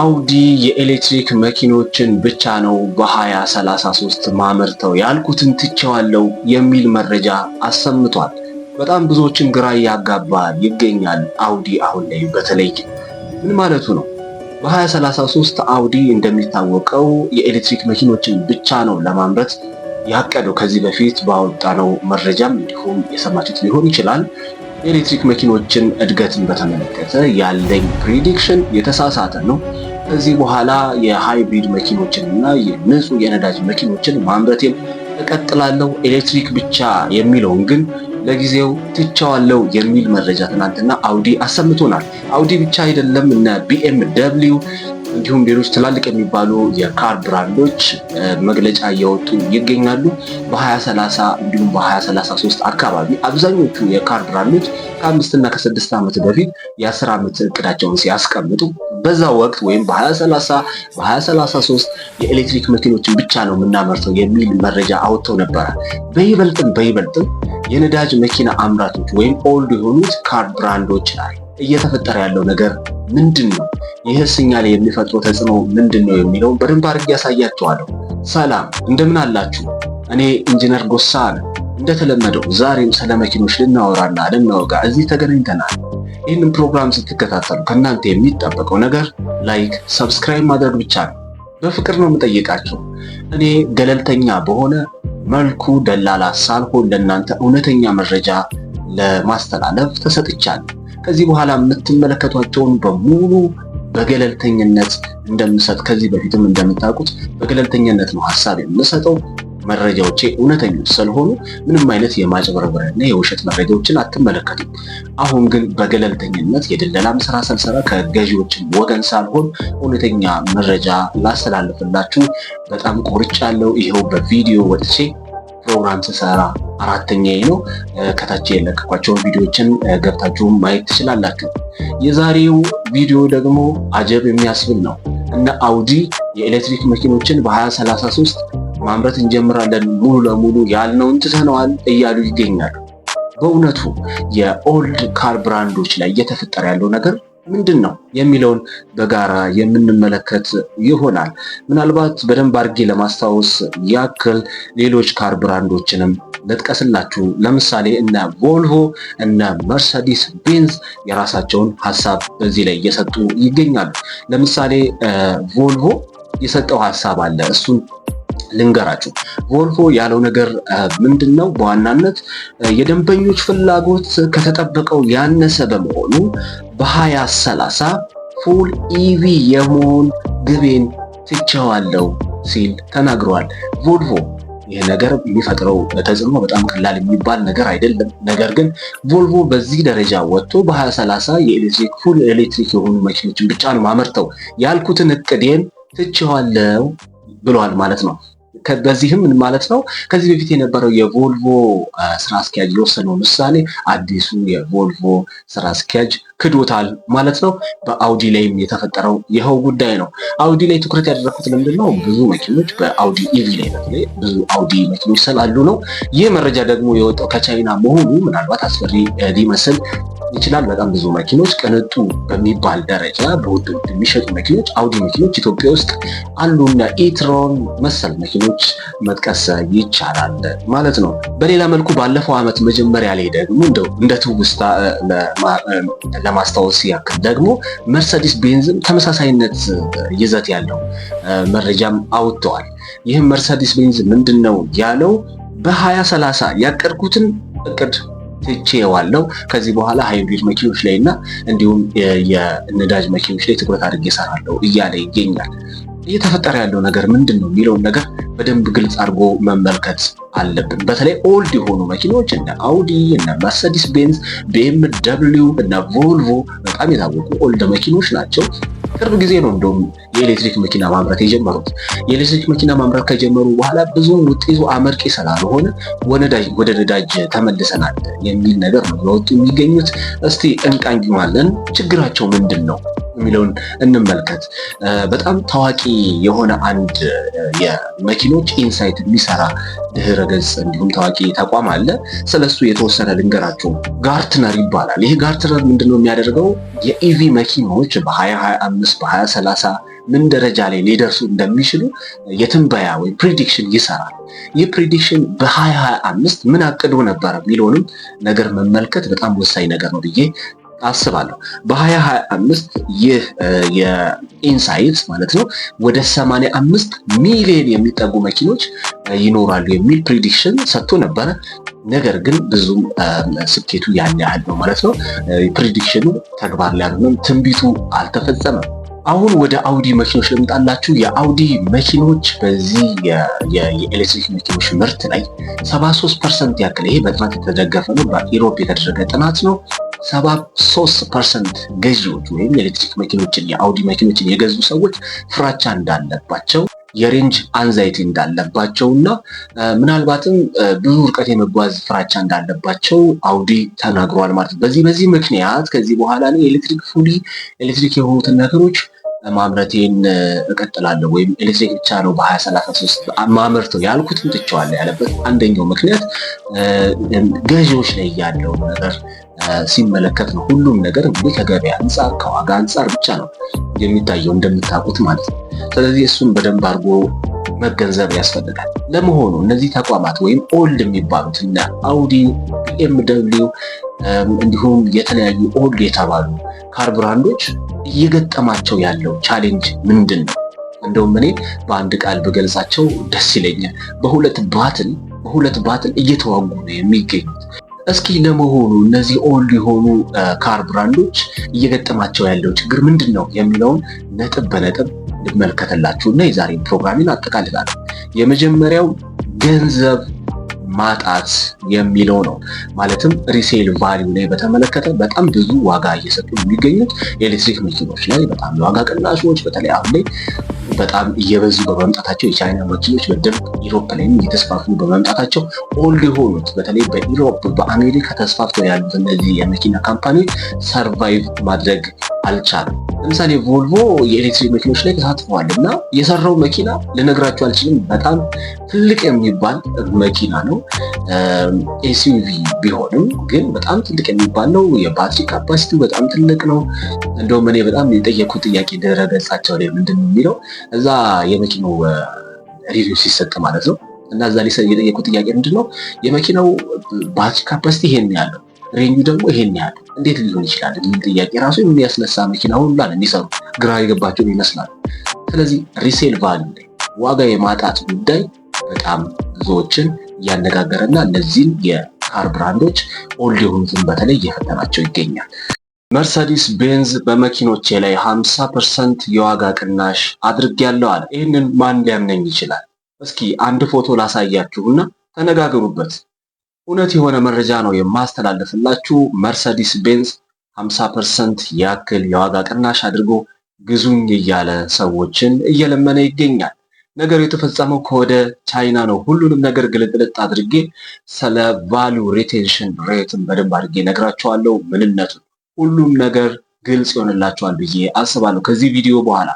አውዲ የኤሌክትሪክ መኪኖችን ብቻ ነው በ2033 ማመርተው ያልኩትን ትቼዋለሁ የሚል መረጃ አሰምቷል። በጣም ብዙዎችን ግራ እያጋባ ይገኛል። አውዲ አሁን ላይ በተለይ ምን ማለቱ ነው? በ2033 አውዲ እንደሚታወቀው የኤሌክትሪክ መኪኖችን ብቻ ነው ለማምረት ያቀደው። ከዚህ በፊት ባወጣነው መረጃም እንዲሁም የሰማችሁት ሊሆን ይችላል። የኤሌክትሪክ መኪኖችን እድገትን በተመለከተ ያለኝ ፕሪዲክሽን የተሳሳተ ነው። ከዚህ በኋላ የሃይብሪድ መኪኖችን እና የንጹህ የነዳጅ መኪኖችን ማምረቴን እቀጥላለሁ። ኤሌክትሪክ ብቻ የሚለውን ግን ለጊዜው ትቻዋለው የሚል መረጃ ትናንትና አውዲ አሰምቶናል። አውዲ ብቻ አይደለም እነ ቢኤም ደብሊው እንዲሁም ሌሎች ትላልቅ የሚባሉ የካር ብራንዶች መግለጫ እያወጡ ይገኛሉ። በ2030 እንዲሁም በ2033 አካባቢ አብዛኞቹ የካር ብራንዶች ከአምስትና ከስድስት ዓመት በፊት የአስር ዓመት እቅዳቸውን ሲያስቀምጡ በዛ ወቅት ወይም በ2030 በ2033 የኤሌክትሪክ መኪኖችን ብቻ ነው የምናመርተው የሚል መረጃ አውጥተው ነበረ። በይበልጥም በይበልጥም የነዳጅ መኪና አምራቾች ወይም ኦልድ የሆኑት ካር ብራንዶች ላይ እየተፈጠረ ያለው ነገር ምንድን ነው? ይህ ሲግናል የሚፈጥረው ተጽዕኖ ምንድን ነው የሚለውን በደንብ አድርጌ ያሳያችኋለሁ። ሰላም እንደምን አላችሁ? እኔ ኢንጂነር ጎሳ ነ እንደተለመደው ዛሬም ስለ መኪኖች ልናወራና ልናወጋ እዚህ ተገናኝተናል። ይህንን ፕሮግራም ስትከታተሉ ከእናንተ የሚጠበቀው ነገር ላይክ፣ ሰብስክራይብ ማድረግ ብቻ ነው። በፍቅር ነው የምጠይቃቸው። እኔ ገለልተኛ በሆነ መልኩ ደላላ ሳልሆን ለእናንተ እውነተኛ መረጃ ለማስተላለፍ ተሰጥቻለሁ። ከዚህ በኋላ የምትመለከቷቸውን በሙሉ በገለልተኝነት እንደምሰጥ ከዚህ በፊትም እንደምታውቁት በገለልተኝነት ነው ሀሳብ የምሰጠው። መረጃዎቼ እውነተኞች ስለሆኑ ምንም አይነት የማጭበርበርና የውሸት መረጃዎችን አትመለከቱም። አሁን ግን በገለልተኝነት የድለላም ስራ ሰልሰራ ከገዢዎችን ወገን ሳልሆን እውነተኛ መረጃ ላስተላልፍላችሁ በጣም ቆርጫ ያለው ይኸው በቪዲዮ ወጥቼ ፕሮግራም ስሰራ አራተኛ ነው። ከታች የለቀኳቸውን ቪዲዮዎችን ገብታችሁ ማየት ትችላላችሁ። የዛሬው ቪዲዮ ደግሞ አጀብ የሚያስብል ነው። እነ አውዲ የኤሌክትሪክ መኪኖችን በ2033 ማምረት እንጀምራለን ሙሉ ለሙሉ ያልነውን ትተነዋል እያሉ ይገኛሉ። በእውነቱ የኦልድ ካር ብራንዶች ላይ እየተፈጠረ ያለው ነገር ምንድን ነው የሚለውን በጋራ የምንመለከት ይሆናል። ምናልባት በደንብ አድርጌ ለማስታወስ ያክል ሌሎች ካር ብራንዶችንም ልጥቀስላችሁ። ለምሳሌ እነ ቮልቮ፣ እነ መርሰዲስ ቤንዝ የራሳቸውን ሀሳብ በዚህ ላይ እየሰጡ ይገኛሉ። ለምሳሌ ቮልቮ የሰጠው ሀሳብ አለ እሱን ልንገራችሁ ቮልቮ ያለው ነገር ምንድን ነው? በዋናነት የደንበኞች ፍላጎት ከተጠበቀው ያነሰ በመሆኑ በ ሰላሳ ፉል ኢቪ የመሆን ግቤን ትቸዋለው ሲል ተናግረዋል። ቮልቮ ይህ ነገር የሚፈጥረው ተጽዕኖ በጣም ቀላል የሚባል ነገር አይደለም። ነገር ግን ቮልቮ በዚህ ደረጃ ወጥቶ በ2030 የኤሌክትሪክ ፉል ኤሌክትሪክ የሆኑ መኪኖችን ብቻ ነው ማመርተው ያልኩትን እቅዴን ትችኋለው ብሏል ማለት ነው። በዚህም ምን ማለት ነው? ከዚህ በፊት የነበረው የቮልቮ ስራ አስኪያጅ የወሰነውን ውሳኔ አዲሱ የቮልቮ ስራ አስኪያጅ ክዶታል ማለት ነው። በአውዲ ላይም የተፈጠረው ይኸው ጉዳይ ነው። አውዲ ላይ ትኩረት ያደረኩት ለምንድን ነው? ብዙ መኪኖች በአውዲ ኢቪ ላይ በተለይ ብዙ አውዲ መኪኖች ስላሉ ነው። ይህ መረጃ ደግሞ የወጣው ከቻይና መሆኑ ምናልባት አስፈሪ ሊመስል ይችላል። በጣም ብዙ መኪኖች ቅንጡ በሚባል ደረጃ በውድ ውድ የሚሸጡ መኪኖች አውዲ መኪኖች ኢትዮጵያ ውስጥ አሉና ኢትሮን መሰል መኪኖች ምክንያቶች መጥቀስ ይቻላል ማለት ነው። በሌላ መልኩ ባለፈው ዓመት መጀመሪያ ላይ ደግሞ እንደው እንደ ትውስታ ለማስታወስ ያክል ደግሞ መርሰዲስ ቤንዝም ተመሳሳይነት ይዘት ያለው መረጃም አውጥተዋል። ይህም መርሰዲስ ቤንዝ ምንድን ነው ያለው? በ2030 ያቀድኩትን እቅድ ትቼዋለሁ ከዚህ በኋላ ሃይብሪድ መኪኖች ላይ እና እንዲሁም የነዳጅ መኪኖች ላይ ትኩረት አድርጌ እሰራለሁ እያለ ይገኛል። እየተፈጠረ ያለው ነገር ምንድን ነው የሚለውን ነገር በደንብ ግልጽ አድርጎ መመልከት አለብን። በተለይ ኦልድ የሆኑ መኪኖች እነ አውዲ፣ እነ መርሰዲስ ቤንዝ፣ ቢኤም ደብሊው፣ እነ ቮልቮ በጣም የታወቁ ኦልድ መኪኖች ናቸው። ቅርብ ጊዜ ነው እንደውም የኤሌክትሪክ መኪና ማምረት የጀመሩት። የኤሌክትሪክ መኪና ማምረት ከጀመሩ በኋላ ብዙ ውጤቱ አመርቂ ስላልሆነ ወደ ነዳጅ ተመልሰናል የሚል ነገር ነው የወጡ የሚገኙት። እስቲ እንቃኝ ችግራቸው ምንድን ነው? የሚለውን እንመልከት። በጣም ታዋቂ የሆነ አንድ የመኪኖች ኢንሳይት የሚሰራ ድህረ ገጽ እንዲሁም ታዋቂ ተቋም አለ። ስለሱ የተወሰነ ልንገራቸው። ጋርትነር ይባላል። ይህ ጋርትነር ምንድነው የሚያደርገው? የኢቪ መኪኖች በ2025 በ2030 ምን ደረጃ ላይ ሊደርሱ እንደሚችሉ የትንበያ ወይም ፕሪዲክሽን ይሰራል። ይህ ፕሪዲክሽን በ2025 ምን አቅዶ ነበረ የሚለውንም ነገር መመልከት በጣም ወሳኝ ነገር ነው ብዬ አስባለሁ። በ2025 ይህ የኢንሳይት ማለት ነው ወደ 85 ሚሊዮን የሚጠጉ መኪኖች ይኖራሉ የሚል ፕሪዲክሽን ሰጥቶ ነበረ። ነገር ግን ብዙም ስኬቱ ያን ያህል ነው ማለት ነው። ፕሪዲክሽኑ ተግባር ላይ አልሆነም፣ ትንቢቱ አልተፈጸመም። አሁን ወደ አውዲ መኪኖች ልምጣላችሁ። የአውዲ መኪኖች በዚህ የኤሌክትሪክ መኪኖች ምርት ላይ 73 ፐርሰንት ያክል ይሄ በጥናት የተደገፈ ነው፣ በኢሮፕ የተደረገ ጥናት ነው 73 ፐርሰንት ገዢዎች ወይም የኤሌክትሪክ መኪኖችን የአውዲ መኪኖችን የገዙ ሰዎች ፍራቻ እንዳለባቸው የሬንጅ አንዛይቲ እንዳለባቸው እና ምናልባትም ብዙ ርቀት የመጓዝ ፍራቻ እንዳለባቸው አውዲ ተናግሯል ማለት ነው። በዚህ በዚህ ምክንያት ከዚህ በኋላ ኤሌክትሪክ ፉሊ ኤሌክትሪክ የሆኑትን ነገሮች ማምረቴን እቀጥላለሁ ወይም ኤሌክትሪክ ብቻ ነው በ2033 ማምርተው ያልኩትን ትቸዋለሁ ያለበት አንደኛው ምክንያት ገዢዎች ላይ ያለው ነገር ሲመለከት ነው። ሁሉም ነገር እንግዲህ ከገበያ አንጻር ከዋጋ አንጻር ብቻ ነው የሚታየው እንደምታውቁት ማለት ነው። ስለዚህ እሱን በደንብ አድርጎ መገንዘብ ያስፈልጋል። ለመሆኑ እነዚህ ተቋማት ወይም ኦልድ የሚባሉት እ አውዲ፣ ቢኤም ደብሊው እንዲሁም የተለያዩ ኦልድ የተባሉ ካር ብራንዶች እየገጠማቸው ያለው ቻሌንጅ ምንድን ነው? እንደውም እኔ በአንድ ቃል ብገልጻቸው ደስ ይለኛል። በሁለት ባትል በሁለት ባትል እየተዋጉ ነው የሚገኙት። እስኪ ለመሆኑ እነዚህ ኦልድ የሆኑ ካር ብራንዶች እየገጠማቸው ያለው ችግር ምንድን ነው የሚለውን ነጥብ በነጥብ ልመልከተላችሁ እና የዛሬ ፕሮግራሚን አጠቃልላለሁ። የመጀመሪያው ገንዘብ ማጣት የሚለው ነው። ማለትም ሪሴል ቫሊዩ ላይ በተመለከተ በጣም ብዙ ዋጋ እየሰጡ የሚገኙት የኤሌክትሪክ መኪኖች ላይ በጣም የዋጋ ቅናሾች በተለይ አሁን ላይ በጣም እየበዙ በመምጣታቸው የቻይና መኪኖች በደንብ ኢሮፕ ላይም እየተስፋፉ በመምጣታቸው ኦልድ የሆኑት በተለይ በኢሮፕ በአሜሪካ ተስፋፍተው ያሉት እነዚህ የመኪና ካምፓኒዎች ሰርቫይቭ ማድረግ አልቻለም። ለምሳሌ ቮልቮ የኤሌክትሪክ መኪኖች ላይ ተሳትፈዋል እና የሰራው መኪና ልነግራቸው አልችልም። በጣም ትልቅ የሚባል መኪና ነው። ኤስዩቪ ቢሆንም ግን በጣም ትልቅ የሚባል ነው። የባትሪ ካፓሲቲው በጣም ትልቅ ነው። እንደውም እኔ በጣም የጠየኩት ጥያቄ ድረገጻቸው ላይ ምንድን ነው የሚለው እዛ የመኪናው ሪቪው ሲሰጥ ማለት ነው እና እዛ የጠየኩት ጥያቄ ምንድን ነው የመኪናው ባትሪ ካፓሲቲ ይሄን ያለው ሬንጁ ደግሞ ይሄን ያህል እንዴት ሊሆን ይችላል የሚል ጥያቄ ራሱ የሚያስነሳ መኪና ሁሉ አለ የሚሰሩ ግራ የገባቸውን ይመስላል። ስለዚህ ሪሴል ቫሉ ላይ ዋጋ የማጣት ጉዳይ በጣም ብዙዎችን እያነጋገረና እነዚህን የካር ብራንዶች ኦልድ የሆኑትን በተለይ እየፈተናቸው ይገኛል። መርሰዲስ ቤንዝ በመኪኖቼ ላይ 50 ፐርሰንት የዋጋ ቅናሽ አድርጌያለሁ አለ። ይህንን ማን ሊያምነኝ ይችላል? እስኪ አንድ ፎቶ ላሳያችሁና ተነጋገሩበት። እውነት የሆነ መረጃ ነው የማስተላለፍላችሁ። መርሰዲስ ቤንዝ 50 ፐርሰንት ያክል የዋጋ ቅናሽ አድርጎ ግዙኝ እያለ ሰዎችን እየለመነ ይገኛል። ነገሩ የተፈጸመው ከወደ ቻይና ነው። ሁሉንም ነገር ግልጥልጥ አድርጌ ስለ ቫሉ ሪቴንሽን ሬትን በደንብ አድርጌ ነግራቸዋለሁ። ምንነቱ ሁሉም ነገር ግልጽ ይሆንላቸዋል ብዬ አስባለሁ ከዚህ ቪዲዮ በኋላ